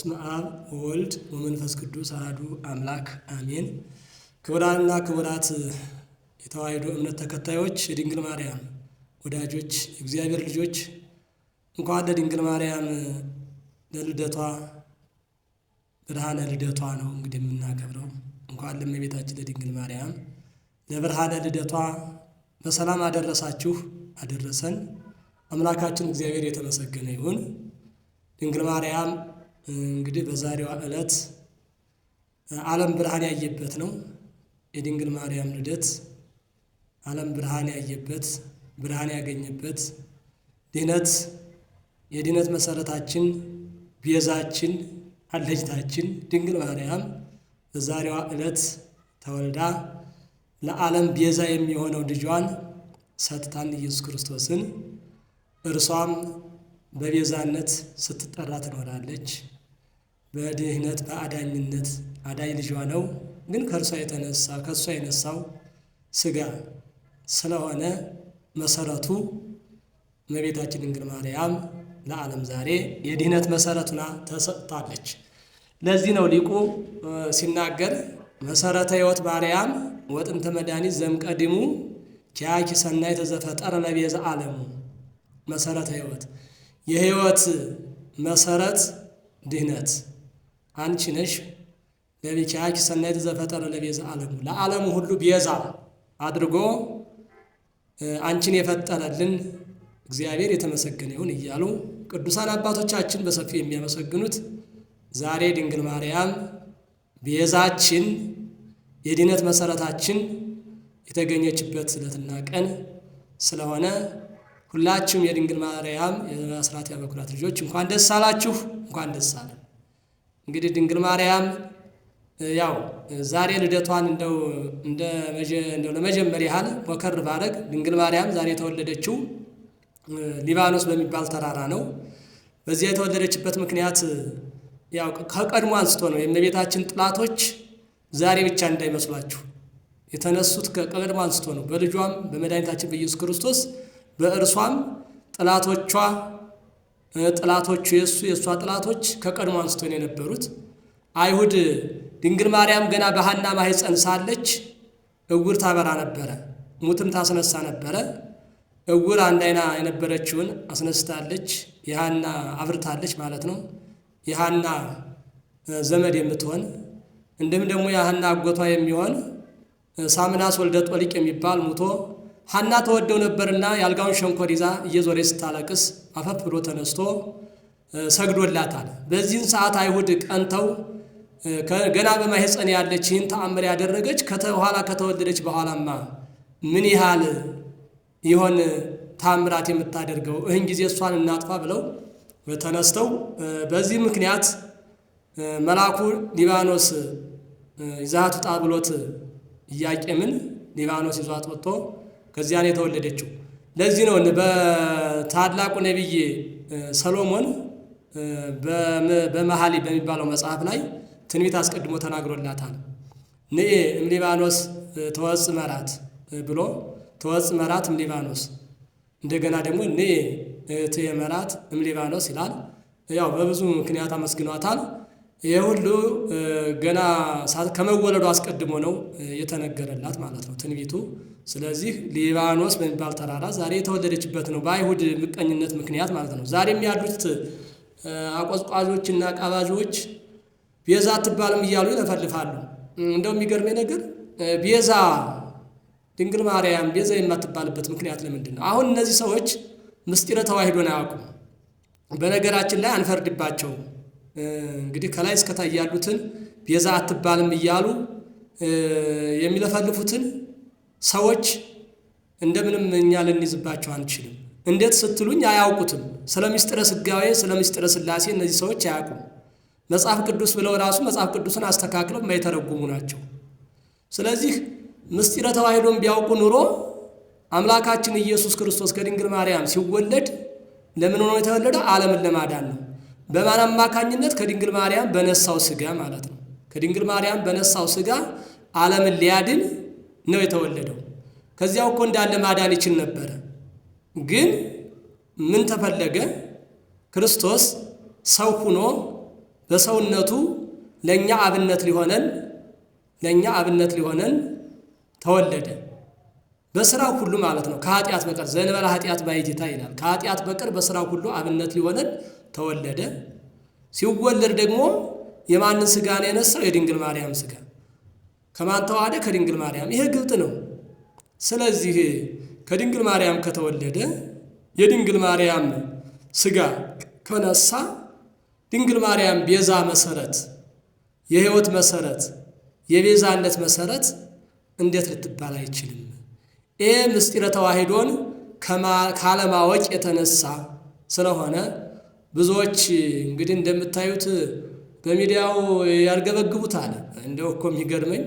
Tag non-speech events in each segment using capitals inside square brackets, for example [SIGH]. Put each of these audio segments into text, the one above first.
በስመ አብ ወወልድ ወመንፈስ ቅዱስ አሐዱ አምላክ አሜን። ክቡራንና ክቡራት የተዋሕዶ እምነት ተከታዮች፣ የድንግል ማርያም ወዳጆች፣ የእግዚአብሔር ልጆች እንኳን ለድንግል ማርያም ለልደቷ ብርሃነ ልደቷ ነው እንግዲህ የምናከብረው። እንኳን ለእመቤታችን ለድንግል ማርያም ለብርሃነ ልደቷ በሰላም አደረሳችሁ አደረሰን። አምላካችን እግዚአብሔር የተመሰገነ ይሁን። ድንግል ማርያም እንግዲህ በዛሬዋ ዕለት ዓለም ብርሃን ያየበት ነው። የድንግል ማርያም ልደት ዓለም ብርሃን ያየበት ብርሃን ያገኘበት ድነት የድነት መሰረታችን ቤዛችን አለጅታችን ድንግል ማርያም በዛሬዋ ዕለት ተወልዳ ለዓለም ቤዛ የሚሆነው ልጇን ሰጥታን ኢየሱስ ክርስቶስን እርሷም በቤዛነት ስትጠራ ትኖራለች። በድህነት በአዳኝነት አዳኝ ልጇ ነው። ግን ከእርሷ የተነሳ ከእሷ የነሳው ስጋ ስለሆነ መሰረቱ እመቤታችን ድንግል ማርያም ለዓለም ዛሬ የድህነት መሰረቱና ተሰጥታለች። ለዚህ ነው ሊቁ ሲናገር መሰረተ ሕይወት ማርያም ወጥንተ መድኃኒት ዘምቀድሙ ኪያኪ ሰናይ ተዘፈጠረ ለቤዛ ዓለሙ መሰረተ ሕይወት የህይወት መሰረት ድህነት አንቺ ነሽ። ለቤኪያኪ ሰናይት ዘፈጠረ ለቤዛ ዓለሙ ለዓለሙ ሁሉ ቤዛ አድርጎ አንቺን የፈጠረልን እግዚአብሔር የተመሰገነ ይሁን እያሉ ቅዱሳን አባቶቻችን በሰፊው የሚያመሰግኑት ዛሬ ድንግል ማርያም ቤዛችን የድህነት መሰረታችን የተገኘችበት ዕለትና ቀን ስለሆነ ሁላችሁም የድንግል ማርያም የአስራት ያበኩራት ልጆች እንኳን ደስ አላችሁ፣ እንኳን ደስ አለ። እንግዲህ ድንግል ማርያም ያው ዛሬ ልደቷን እንደው እንደ ለመጀመር ያህል ሞከር ባረግ ድንግል ማርያም ዛሬ የተወለደችው ሊባኖስ በሚባል ተራራ ነው። በዚያ የተወለደችበት ምክንያት ያው ከቀድሞ አንስቶ ነው። የእመቤታችን ጥላቶች ዛሬ ብቻ እንዳይመስሏችሁ የተነሱት ከቀድሞ አንስቶ ነው። በልጇም በመድኃኒታችን በኢየሱስ ክርስቶስ በእርሷም ጥላቶቿ ጥላቶቹ የእሱ የእሷ ጥላቶች ከቀድሞ አንስቶን የነበሩት። አይሁድ ድንግል ማርያም ገና በሐና ማኅፀን ሳለች እውር ታበራ ነበረ፣ ሙትም ታስነሳ ነበረ። እውር አንድ አይና የነበረችውን አስነስታለች፣ የሐና አብርታለች ማለት ነው። የሐና ዘመድ የምትሆን እንዲሁም ደግሞ የሐና አጎቷ የሚሆን ሳምናስ ወልደ ጦሊቅ የሚባል ሙቶ ሐና ተወደው ነበርና የአልጋውን ሸንኮር ይዛ እየዞረ ስታለቅስ አፈፍ ብሎ ተነስቶ ሰግዶላታል። በዚህን ሰዓት አይሁድ ቀንተው ገና በማህፀን ያለች ይህን ተአምር ያደረገች ከተኋላ ከተወለደች በኋላማ ምን ያህል ይሆን ታምራት የምታደርገው እህን ጊዜ እሷን እናጥፋ ብለው ተነስተው በዚህ ምክንያት መልአኩ ሊባኖስ ይዛቱ ጣብሎት እያቄምን ሊባኖስ ይዟት ወጥቶ ከዚያ ነው የተወለደችው። ለዚህ ነው በታላቁ ነቢይ ሰሎሞን በመሀሊ በሚባለው መጽሐፍ ላይ ትንቢት አስቀድሞ ተናግሮላታል። ንኤ እምሊባኖስ ተወጽ መራት ብሎ ተወጽ መራት እምሊባኖስ እንደገና ደግሞ ንኤ ትየ መራት እምሊባኖስ ይላል። ያው በብዙ ምክንያት አመስግኗታል። ይሄ ሁሉ ገና ከመወለዱ አስቀድሞ ነው የተነገረላት ማለት ነው ትንቢቱ። ስለዚህ ሊባኖስ በሚባል ተራራ ዛሬ የተወለደችበት ነው፣ በአይሁድ ምቀኝነት ምክንያት ማለት ነው። ዛሬም ያሉት አቆዝቋዦችና አቃባዦች ቤዛ አትባልም እያሉ ይለፈልፋሉ። እንደው የሚገርመኝ ነገር ቤዛ ድንግል ማርያም ቤዛ የማትባልበት ምክንያት ለምንድን ነው? አሁን እነዚህ ሰዎች ምስጢረ ተዋሂዶን አያውቁም። በነገራችን ላይ አንፈርድባቸውም። እንግዲህ ከላይ እስከታይ ያሉትን ቤዛ አትባልም እያሉ የሚለፈልፉትን ሰዎች እንደምንም እኛ ልንይዝባቸው አንችልም። እንዴት ስትሉኝ አያውቁትም። ስለ ምስጢረ ስጋዌ፣ ስለ ምስጢረ ስላሴ እነዚህ ሰዎች አያውቁም። መጽሐፍ ቅዱስ ብለው ራሱ መጽሐፍ ቅዱስን አስተካክለው የማይተረጉሙ ናቸው። ስለዚህ ምስጢረ ተዋሕዶን ቢያውቁ ኑሮ አምላካችን ኢየሱስ ክርስቶስ ከድንግል ማርያም ሲወለድ ለምን ሆኖ የተወለደ? ዓለምን ለማዳን ነው። በማን አማካኝነት? ከድንግል ማርያም በነሳው ስጋ ማለት ነው። ከድንግል ማርያም በነሳው ስጋ ዓለምን ሊያድን ነው የተወለደው። ከዚያው እኮ እንዳለ ማዳን ይችል ነበረ። ግን ምን ተፈለገ? ክርስቶስ ሰው ሁኖ በሰውነቱ ለእኛ አብነት ሊሆነን ለእኛ አብነት ሊሆነን ተወለደ። በስራው ሁሉ ማለት ነው፣ ከኃጢአት በቀር ዘንበላ ኃጢአት ባይጌታ ይላል። ከኃጢአት በቀር በስራው ሁሉ አብነት ሊሆነን ተወለደ። ሲወለድ ደግሞ የማንን ስጋ ነው የነሳው? የድንግል ማርያም ስጋ። ከማን ተዋሃደ? ከድንግል ማርያም። ይሄ ግልጥ ነው። ስለዚህ ከድንግል ማርያም ከተወለደ የድንግል ማርያም ስጋ ከነሳ ድንግል ማርያም ቤዛ መሰረት፣ የህይወት መሰረት፣ የቤዛነት መሰረት እንዴት ልትባል አይችልም? ይህ ምስጢረ ተዋሂዶን ካለማወቅ የተነሳ ስለሆነ ብዙዎች እንግዲህ እንደምታዩት በሚዲያው ያርገበግቡታል። እንደው እኮ የሚገርመኝ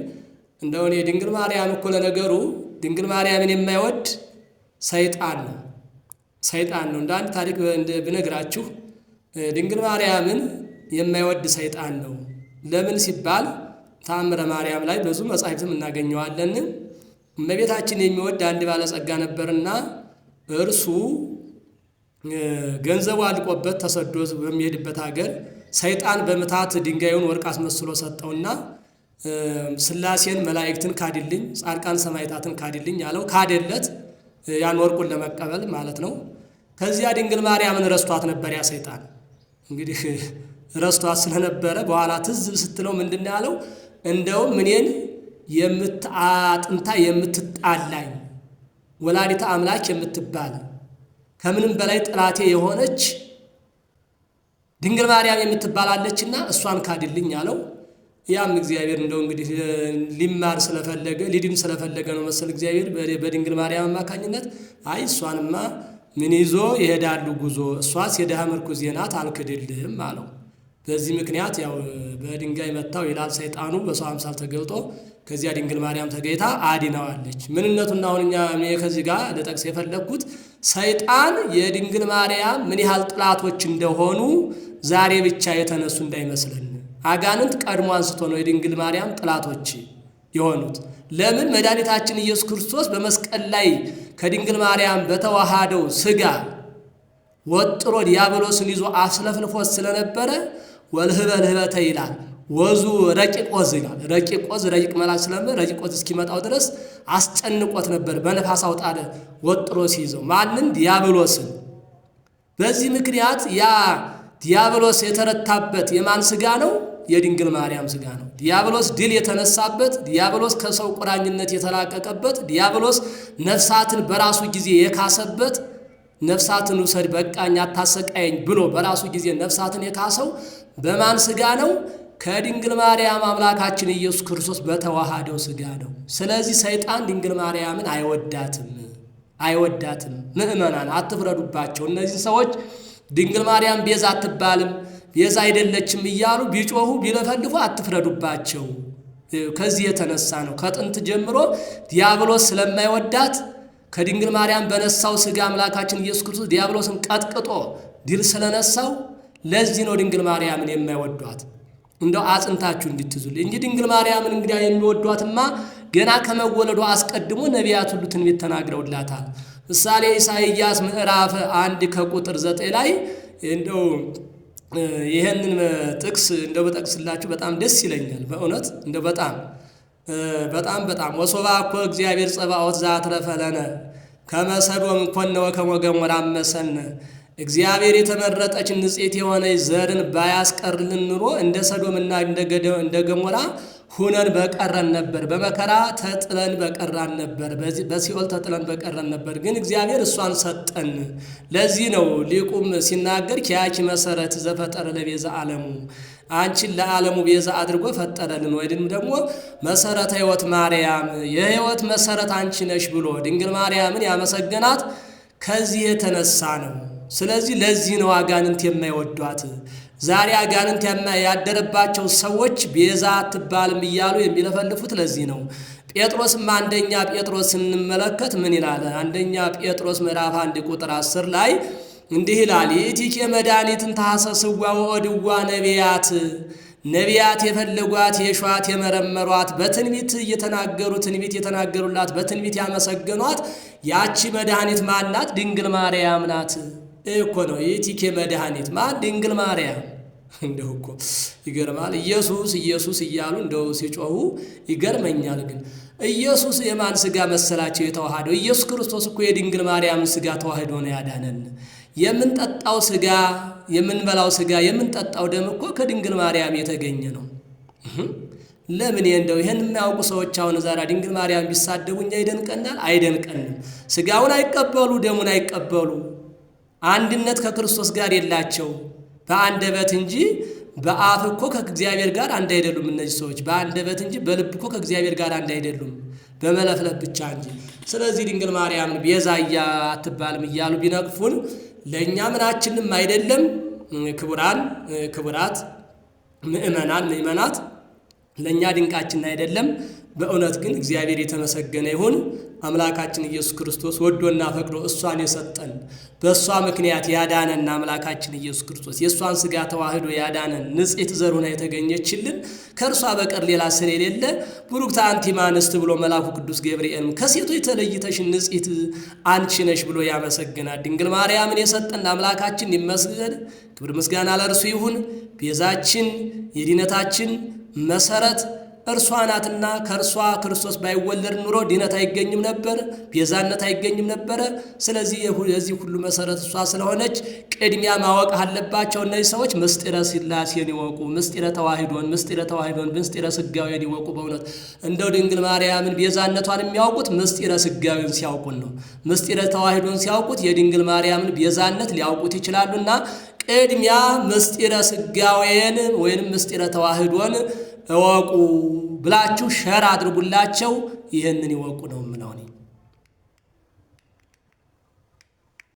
እንደው እኔ ድንግል ማርያም እኮ ለነገሩ ድንግል ማርያምን የማይወድ ሰይጣን ነው፣ ሰይጣን ነው። እንደ አንድ ታሪክ ብነግራችሁ ድንግል ማርያምን የማይወድ ሰይጣን ነው። ለምን ሲባል ተአምረ ማርያም ላይ ብዙ መጻሕፍትም እናገኘዋለን። እመቤታችን የሚወድ አንድ ባለጸጋ ነበርና እርሱ ገንዘቡ አልቆበት ተሰዶ በሚሄድበት ሀገር ሰይጣን በምታት ድንጋዩን ወርቅ አስመስሎ ሰጠውና ስላሴን መላእክትን ካድልኝ፣ ጻድቃን ሰማይታትን ካድልኝ ያለው ካደለት ያን ወርቁን ለመቀበል ማለት ነው። ከዚያ ድንግል ማርያምን ረስቷት ነበር ያ ሰይጣን። እንግዲህ ረስቷት ስለነበረ በኋላ ትዝ ስትለው ምንድን ያለው እንደውም እኔን የምትአጥንታ የምትጣላኝ ወላዲተ አምላክ የምትባል ከምንም በላይ ጥላቴ የሆነች ድንግል ማርያም የምትባላለችና እሷን ካድልኝ አለው። ያም እግዚአብሔር እንደው እንግዲህ ሊማር ስለፈለገ ሊድን ስለፈለገ ነው መሰል እግዚአብሔር በድንግል ማርያም አማካኝነት አይ እሷንማ ምን ይዞ ይሄዳሉ ጉዞ እሷስ የድሃ ምርኩዜ ናት አልክድልህም አለው። በዚህ ምክንያት ያው በድንጋይ መታው ይላል ሰይጣኑ በሰው አምሳል ተገልጦ ከዚያ ድንግል ማርያም ተገይታ አድነዋለች። ምንነቱና አሁን እኛ ከዚህ ጋር ልጠቅስ የፈለግኩት ሰይጣን የድንግል ማርያም ምን ያህል ጥላቶች እንደሆኑ ዛሬ ብቻ የተነሱ እንዳይመስለን። አጋንንት ቀድሞ አንስቶ ነው የድንግል ማርያም ጥላቶች የሆኑት። ለምን መድኃኒታችን ኢየሱስ ክርስቶስ በመስቀል ላይ ከድንግል ማርያም በተዋሃደው ስጋ ወጥሮ ዲያብሎስን ይዞ አስለፍልፎት ስለነበረ ወልህበ ልህበተ ይላል ወዙ ረቂቅ ወዝ ይላል። ረቂቅ ወዝ ረቂቅ መላክ ስለምን ረቂቅ ወዝ እስኪመጣው ድረስ አስጨንቆት ነበር። በነፋስ አውጣለ ወጥሮ ሲይዘው ማንን? ዲያብሎስን። በዚህ ምክንያት ያ ዲያብሎስ የተረታበት የማን ስጋ ነው? የድንግል ማርያም ስጋ ነው። ዲያብሎስ ድል የተነሳበት፣ ዲያብሎስ ከሰው ቁራኝነት የተላቀቀበት፣ ዲያብሎስ ነፍሳትን በራሱ ጊዜ የካሰበት ነፍሳትን ውሰድ በቃኝ አታሰቃየኝ ብሎ በራሱ ጊዜ ነፍሳትን የካሰው በማን ስጋ ነው? ከድንግል ማርያም አምላካችን ኢየሱስ ክርስቶስ በተዋሃደው ስጋ ነው። ስለዚህ ሰይጣን ድንግል ማርያምን አይወዳትም አይወዳትም። ምእመናን አትፍረዱባቸው። እነዚህ ሰዎች ድንግል ማርያም ቤዛ አትባልም፣ ቤዛ አይደለችም እያሉ ቢጮሁ ቢለፈልፉ አትፍረዱባቸው። ከዚህ የተነሳ ነው ከጥንት ጀምሮ ዲያብሎስ ስለማይወዳት ከድንግል ማርያም በነሳው ስጋ አምላካችን ኢየሱስ ክርስቶስ ዲያብሎስን ቀጥቅጦ ድል ስለነሳው ለዚህ ነው ድንግል ማርያምን የማይወዷት። እንደው አጽንታችሁ እንድትዙል እንጂ ድንግል ማርያምን እንግዲያ የሚወዷትማ ገና ከመወለዷ አስቀድሞ ነቢያት ሁሉ ትንቢት ተናግረውላታል። ምሳሌ ኢሳይያስ ምዕራፍ አንድ ከቁጥር ዘጠኝ ላይ እንደው ይህንን ጥቅስ እንደው በጠቅስላችሁ በጣም ደስ ይለኛል። በእውነት እንደው በጣም በጣም በጣም ወሶባ እኮ እግዚአብሔር ጸባኦት ዘአትረፈ ለነ ከመ ሰዶም ኮነ ወከመ ገሞራ መሰልነ እግዚአብሔር የተመረጠች ንጽሕት የሆነች ዘርን ባያስቀርልን ኑሮ እንደ ሰዶምና እንደ ገሞራ ሁነን በቀረን ነበር። በመከራ ተጥለን በቀራን ነበር። በሲኦል ተጥለን በቀረን ነበር። ግን እግዚአብሔር እሷን ሰጠን። ለዚህ ነው ሊቁም ሲናገር ኪያኪ መሰረት ዘፈጠረ ለቤዛ ዓለሙ አንቺን ለዓለሙ ቤዛ አድርጎ ፈጠረልን፣ ወይም ደግሞ መሰረተ ሕይወት ማርያም የሕይወት መሰረት አንቺ ነሽ ብሎ ድንግል ማርያምን ያመሰገናት ከዚህ የተነሳ ነው። ስለዚህ ለዚህ ነው አጋንንት የማይወዷት። ዛሬ አጋንንት ያደረባቸው ሰዎች ቤዛ አትባልም እያሉ የሚለፈልፉት ለዚህ ነው። ጴጥሮስም አንደኛ ጴጥሮስ ስንመለከት ምን ይላል? አንደኛ ጴጥሮስ ምዕራፍ አንድ ቁጥር አስር ላይ እንዲህ ይላል የኢቲኬ መድኃኒትን ታሐሰስዋ ወድዋ ነቢያት ነቢያት የፈለጓት የሸዋት የመረመሯት በትንቢት እየተናገሩ ትንቢት የተናገሩላት በትንቢት ያመሰገኗት ያቺ መድኃኒት ማናት? ድንግል ማርያም ናት። እኮ ነው የቲኬ መድኃኒት ማን ድንግል ማርያም። [LAUGHS] እንደው እኮ ይገርማል። ኢየሱስ ኢየሱስ እያሉ እንደው ሲጮሁ ይገርመኛል። ግን ኢየሱስ የማን ስጋ መሰላቸው የተዋህደው? ኢየሱስ ክርስቶስ እኮ የድንግል ማርያምን ስጋ ተዋህዶ ነው ያዳነን። የምንጠጣው ስጋ፣ የምንበላው ስጋ፣ የምንጠጣው ደም እኮ ከድንግል ማርያም የተገኘ ነው። ለምን እንደው ይህን የሚያውቁ ሰዎች አሁን ዛሬ ድንግል ማርያም ቢሳደቡ እኛ ይደንቀናል? አይደንቀንም። ስጋውን አይቀበሉ፣ ደሙን አይቀበሉ አንድነት ከክርስቶስ ጋር የላቸው በአንደበት እንጂ በአፍ እኮ ከእግዚአብሔር ጋር አንድ አይደሉም። እነዚህ ሰዎች በአንደበት እንጂ በልብ እኮ ከእግዚአብሔር ጋር አንድ አይደሉም፣ በመለፍለፍ ብቻ እንጂ። ስለዚህ ድንግል ማርያምን ቤዛ አትባልም እያሉ ቢነቅፉን ለእኛ ምናችንም አይደለም። ክቡራን ክቡራት፣ ምእመናን ምእመናት፣ ለእኛ ድንቃችን አይደለም። በእውነት ግን እግዚአብሔር የተመሰገነ ይሁን። አምላካችን ኢየሱስ ክርስቶስ ወዶና ፈቅዶ እሷን የሰጠን በእሷ ምክንያት ያዳነን አምላካችን ኢየሱስ ክርስቶስ የእሷን ስጋ ተዋህዶ ያዳነን ንጽሕት ዘር ሆና የተገኘችልን ከእርሷ በቀር ሌላ ስር የሌለ ቡሩክት አንቲ ብሎ መልአኩ ቅዱስ ገብርኤልም ከሴቶች የተለይተሽ ንጽሕት አንቺ ነሽ ብሎ ያመሰግናል። ድንግል ማርያምን የሰጠን አምላካችን ይመስገን። ክብር ምስጋና ለእርሱ ይሁን። ቤዛችን የድነታችን መሰረት እርሷ ናትና ከእርሷ ክርስቶስ ባይወለድ ኑሮ ድነት አይገኝም ነበር፣ ቤዛነት አይገኝም ነበረ። ስለዚህ የዚህ ሁሉ መሰረት እሷ ስለሆነች ቅድሚያ ማወቅ አለባቸው እነዚህ ሰዎች። ምስጢረ ሥላሴን ይወቁ፣ ምስጢረ ተዋሂዶን፣ ምስጢረ ተዋሂዶን፣ ምስጢረ ስጋዌን ይወቁ። በእውነት እንደው ድንግል ማርያምን ቤዛነቷን የሚያውቁት ምስጢረ ስጋዌን ሲያውቁን ነው። ምስጢረ ተዋሂዶን ሲያውቁት የድንግል ማርያምን ቤዛነት ሊያውቁት ይችላሉና ቅድሚያ ምስጢረ ስጋዌን ወይንም ምስጢረ ተዋህዶን እወቁ ብላችሁ ሸር አድርጉላቸው። ይህንን ይወቁ ነው የምለው እኔ።